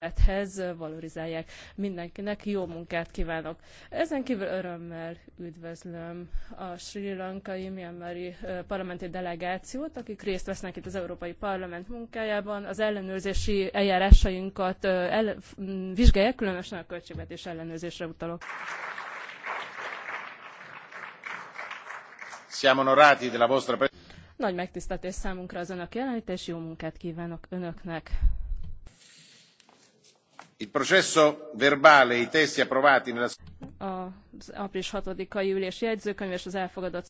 élethez valorizálják. Mindenkinek jó munkát kívánok. Ezen kívül örömmel üdvözlöm a Sri Lankai Myanmari parlamenti delegációt, akik részt vesznek itt az Európai Parlament munkájában. Az ellenőrzési eljárásainkat ele- vizsgálják, különösen a költségvetés ellenőrzésre utalok. Siamo onorati della vostra Nagy megtiszteltés számunkra az önök jelenlét, és jó munkát kívánok önöknek il processo verbale e i testi approvati nella az április 6-ai ülés jegyzőkönyv és az elfogadott